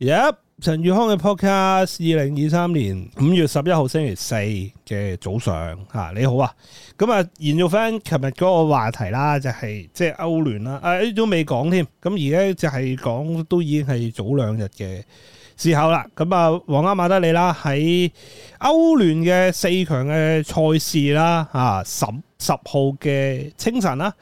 一陳宇康嘅 podcast，二零二三年五月十一號星期四嘅早上，吓、啊、你好啊，咁啊，延續翻琴日嗰個話題啦，就係、是、即係歐聯啦，誒都未講添，咁而家就係講都已經係早兩日嘅時候啦，咁啊，皇家馬德里啦喺歐聯嘅四強嘅賽事啦，啊十十號嘅清晨啦。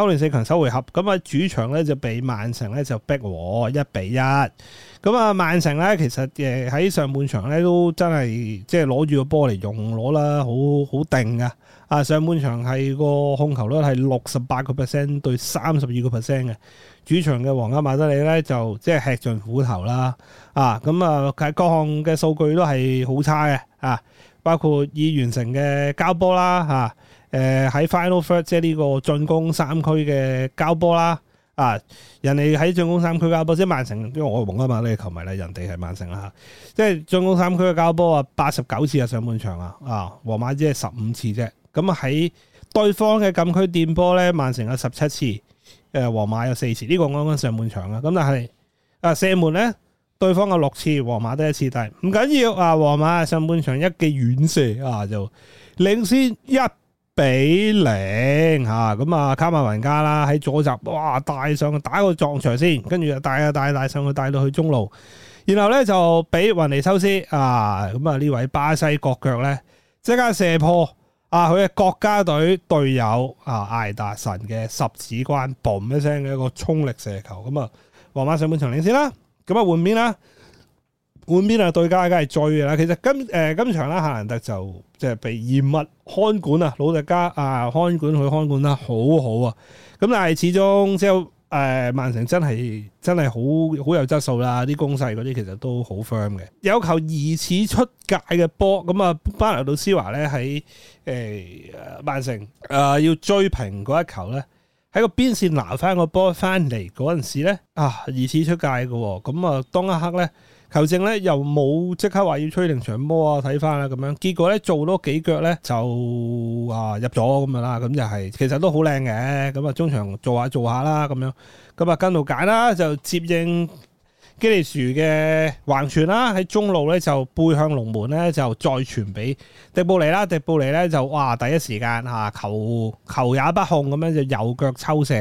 歐聯四強首回合，咁啊主場咧就被曼城咧就逼和一比一，咁啊曼城咧其實誒喺上半場咧都真係即係攞住個波嚟用攞啦，好好定㗎！啊上半場係個控球率係六十八個 percent 對三十二個 percent 嘅主場嘅皇家馬德里咧就即係吃盡苦頭啦，啊咁啊佢喺各項嘅數據都係好差嘅啊，包括已完成嘅交波啦吓。誒喺、呃、final third 即係呢個進攻三區嘅交波啦，啊人哋喺進攻三區交波，即係曼城，因為我係皇家馬德里球迷咧，人哋係曼城啊，即係進攻三區嘅交波啊，八十九次啊上半場啊，啊皇馬只係十五次啫，咁啊喺對方嘅禁區墊波咧，曼城有十七次，誒、啊、皇馬有四次，呢、這個啱啱上半場啊，咁但係啊射門咧，對方有六次，皇馬得一次，但係唔緊要啊，皇馬上半場一記遠射啊就領先一俾零吓，咁啊卡馬文加啦喺左閘，哇帶上去打個撞牆先，跟住帶啊帶帶上去，帶到去中路，然後咧就俾雲尼修斯啊，咁啊呢位巴西國腳咧即刻射破啊，佢嘅國家隊隊友啊艾達臣嘅十指關，嘣一聲嘅一個衝力射球，咁啊皇馬上半場領先啦，咁啊換邊啦。半邊啊對家梗係追啦，其實今誒、呃、今場啦，夏蘭特就即係被嚴密看管啊，老實家啊看管佢看管得好好啊，咁但係始終即係誒曼城真係真係好好有質素啦，啲攻勢嗰啲其實都好 firm 嘅，有球疑似出界嘅波，咁啊巴拿度施華咧喺誒曼城啊、呃、要追平嗰一球咧，喺個邊線拿翻個波翻嚟嗰陣時咧啊疑似出界嘅喎、哦，咁啊當一刻咧。球證咧又冇即刻話要吹定場波啊，睇翻啦咁樣，結果咧做多幾腳咧就啊入咗咁樣啦，咁就係其實都好靚嘅，咁啊中場做下做下啦咁樣，咁啊跟到揀啦就接應基利殊嘅橫傳啦，喺中路咧就背向龍門咧就再傳俾迪布尼啦，迪布尼咧就哇第一時間吓球球也不控咁樣就右腳抽射，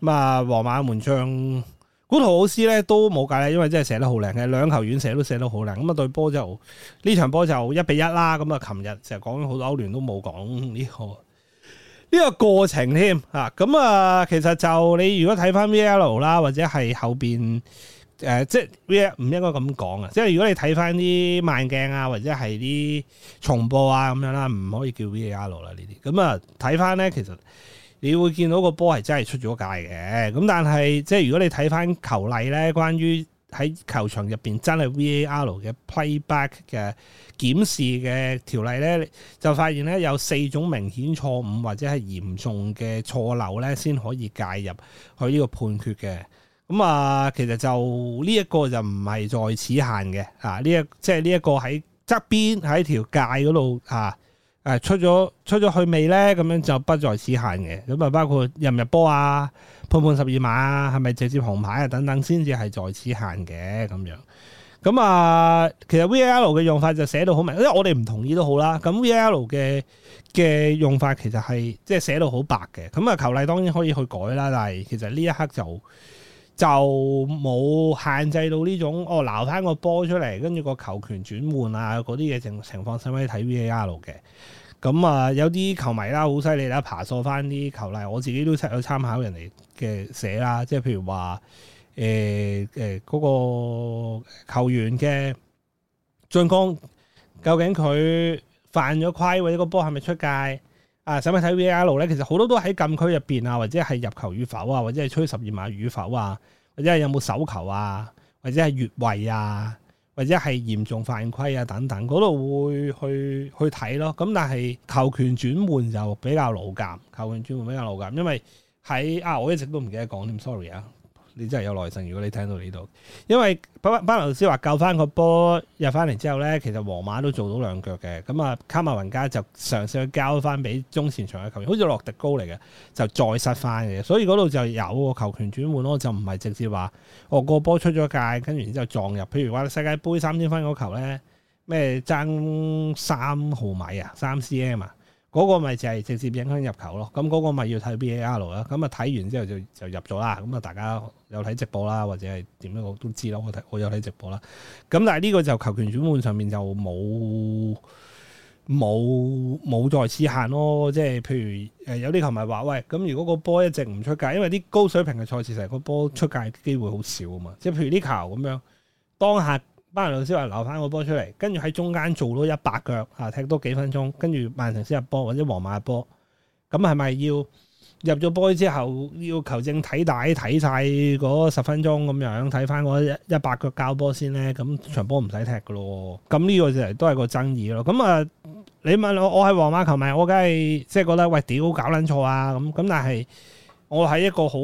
咁啊皇馬門將。古陶老師咧都冇計咧，因為真係射得好靚嘅，兩球遠射都射得好靚。咁啊，對波就呢場波就一比一啦。咁啊，琴日成日講咗好多歐聯都冇講呢個呢、呢個過程添啊。咁啊，其實就你如果睇翻 V L 啦，或者係後邊誒、呃，即係 V L 唔應該咁講啊。即係如果你睇翻啲慢鏡啊，或者係啲重播啊咁樣啦，唔可以叫 V L 啦呢啲。咁啊，睇翻咧，其實。你會見到個波係真係出咗界嘅，咁但係即係如果你睇翻球例咧，關於喺球場入邊真係 VAR 嘅 playback 嘅檢視嘅條例咧，就發現咧有四種明顯錯誤或者係嚴重嘅錯漏咧，先可以介入佢呢個判決嘅。咁、嗯、啊、呃，其實就呢一個就唔係在此限嘅啊。呢一即係呢一個喺側邊喺條界嗰度啊。誒出咗出咗去未呢？咁樣就不在此限嘅。咁啊，包括入唔入波啊，判判十二碼啊，係咪直接紅牌啊等等，先至係在此限嘅咁樣。咁啊、呃，其實 V L 嘅用法就寫到好明，因為我哋唔同意都好啦。咁 V L 嘅嘅用法其實係即係寫到好白嘅。咁啊，球例當然可以去改啦，但係其實呢一刻就。就冇限制到呢種哦，攋翻個波出嚟，跟住個球權轉換啊嗰啲嘢，情情況使唔使睇 VAR 嘅？咁啊，有啲球迷啦，好犀利啦，爬梳翻啲球例，我自己都有參考人哋嘅寫啦，即係譬如話，誒誒嗰個球員嘅進攻，究竟佢犯咗規或者，呢個波係咪出界？啊！使咪睇 V L 咧，其實好多都喺禁區入邊啊，或者係入球與否啊，或者係吹十二碼與否啊，或者係有冇手球啊，或者係越位啊，或者係嚴重犯規啊等等，嗰度會去去睇咯。咁但係球權轉換就比較老尷，球權轉換比較老尷，因為喺啊我一直都唔記得講添，sorry 啊。你真係有耐性，如果你聽到呢度，因為巴班老師話救翻個波入翻嚟之後咧，其實皇馬都做到兩腳嘅，咁啊卡馬文加就嘗試去交翻俾中前場嘅球員，好似洛迪高嚟嘅，就再失翻嘅，所以嗰度就有個球權轉換咯，就唔係直接話我個波出咗界，跟住然之後撞入，譬如話世界杯三千分嗰球咧，咩爭三毫米啊，三 cm 啊。嗰個咪就係直接影響入球咯，咁、那、嗰個咪要睇 VAR 啦，咁啊睇完之後就就入咗啦，咁啊大家有睇直播啦，或者係點樣我都知啦，我睇我有睇直播啦，咁但係呢個就球權轉換上面就冇冇冇在此限咯，即、就、係、是、譬如誒有啲球迷話喂，咁如果個波一直唔出界，因為啲高水平嘅賽事成個波出界機會好少啊嘛，即係譬如啲球咁樣當下。班老師話留翻個波出嚟，跟住喺中間做多一百腳吓、啊，踢多幾分鐘，跟住曼城先入波或者皇馬入波，咁係咪要入咗波之後要球證，睇帶睇晒嗰十分鐘咁樣睇翻嗰一百腳交波先咧？咁場波唔使踢噶咯？咁呢個就都係個爭議咯。咁、嗯、啊，你問我我係皇馬球迷，我梗係即係覺得喂屌搞捻錯啊！咁、嗯、咁但係。我喺一個好，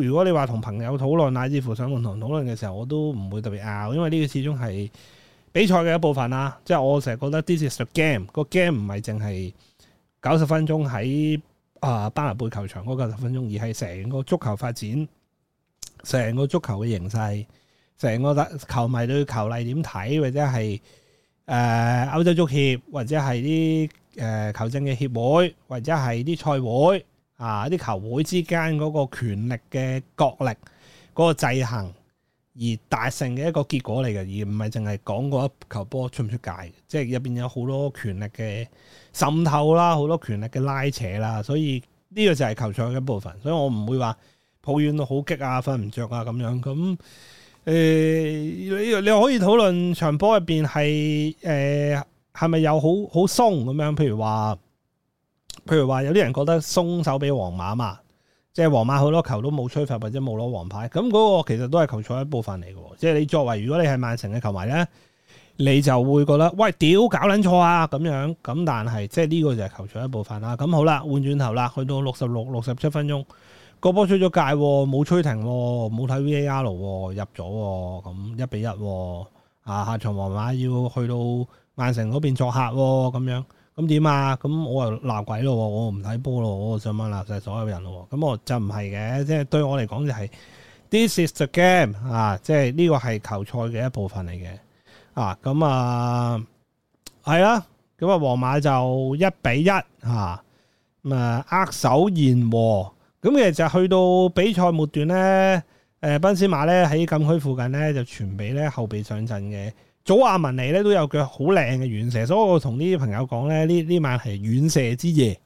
如果你話同朋友討論，乃至乎上論壇討論嘅時候，我都唔會特別拗，因為呢個始終係比賽嘅一部分啊。即係我成日覺得 This is the game，個 game 唔係淨係九十分鐘喺啊巴拿貝球場嗰九十分鐘，而係成個足球發展、成個足球嘅形勢、成個球迷對球例點睇，或者係誒、呃、歐洲足協，或者係啲誒球證嘅協會，或者係啲賽會。啊！啲球會之間嗰個權力嘅角力，嗰、那個制衡而達成嘅一個結果嚟嘅，而唔係淨係講一球波出唔出界，即係入邊有好多權力嘅滲透啦，好多權力嘅拉扯啦，所以呢、這個就係球場嘅一部分，所以我唔會話抱怨到好激啊、瞓唔着啊咁樣。咁誒、呃，你你可以討論場波入邊係誒係咪有好好鬆咁樣？譬如話。譬如話有啲人覺得鬆手俾皇馬嘛，即係皇馬好多球都冇吹罰或者冇攞黃牌，咁嗰個其實都係球賽一部分嚟嘅，即係你作為如果你係曼城嘅球迷咧，你就會覺得喂，屌搞捻錯啊咁樣，咁但係即係呢個就係球賽一部分啦。咁好啦，換轉頭啦，去到六十六六十七分鐘，個波出咗界，冇吹停，冇睇 VAR，入咗，咁一比一，啊下場皇馬要去到曼城嗰邊作客咁樣。咁點啊？咁我又鬧鬼咯，我唔睇波咯，我上晚鬧晒所有人咯。咁我就唔係嘅，即係對我嚟講就係、是、this is the game 啊，即係呢個係球賽嘅一部分嚟嘅啊。咁啊係啦，咁啊皇馬就一比一吓、啊，咁啊握手言和。咁其實去到比賽末段咧，誒，賓斯馬咧喺禁區附近咧就傳俾咧後備上陣嘅。早阿文嚟咧，都有腳好靚嘅遠射，所以我同呢啲朋友講咧，呢呢晚係遠射之夜，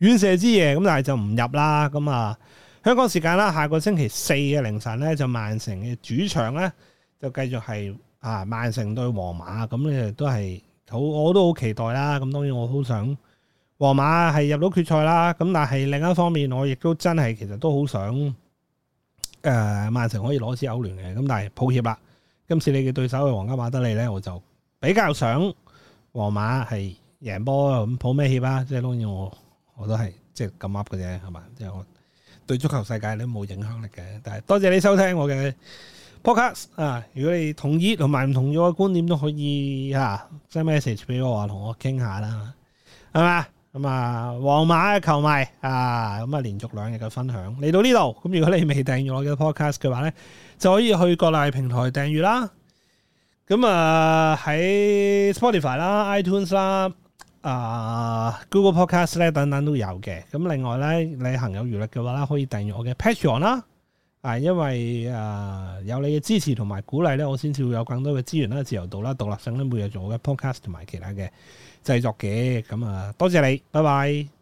遠射之夜咁，但係就唔入啦，咁、嗯、啊，香港時間啦，下個星期四嘅凌晨咧，就曼城嘅主場咧，就繼續係啊曼城對皇馬，咁、嗯、咧、嗯、都係好，我都好期待啦。咁、嗯、當然我好想皇馬係入到決賽啦，咁、嗯、但係另一方面，我亦都真係其實都好想誒曼城可以攞支歐聯嘅，咁、嗯、但係抱歉啦。今次你嘅對手係皇家馬德里咧，我就比較想皇馬係贏波咁抱咩歉啊？即係當然我我都係即係咁 up 嘅啫，係嘛？即係我對足球世界都冇影響力嘅。但係多謝你收聽我嘅 podcast 啊！如果你同意同埋唔同意我嘅觀點都可以嚇 send message 俾我啊，同我傾下啦，係嘛？咁、嗯、啊，皇馬嘅球迷啊，咁啊，連續兩日嘅分享嚟到呢度。咁如果你未訂閱我嘅 podcast 嘅話咧，就可以去各大平台訂閲啦。咁啊，喺 Spotify 啦、iTunes 啦、啊 Google Podcast 咧等等都有嘅。咁、啊、另外咧，你行有餘力嘅話咧，可以訂閲我嘅 Patreon 啦。啊，因為誒、呃、有你嘅支持同埋鼓勵咧，我先至會有更多嘅資源啦、自由度啦、獨立性咧，每日做我嘅 podcast 同埋其他嘅製作嘅，咁、嗯、啊，多謝你，拜拜。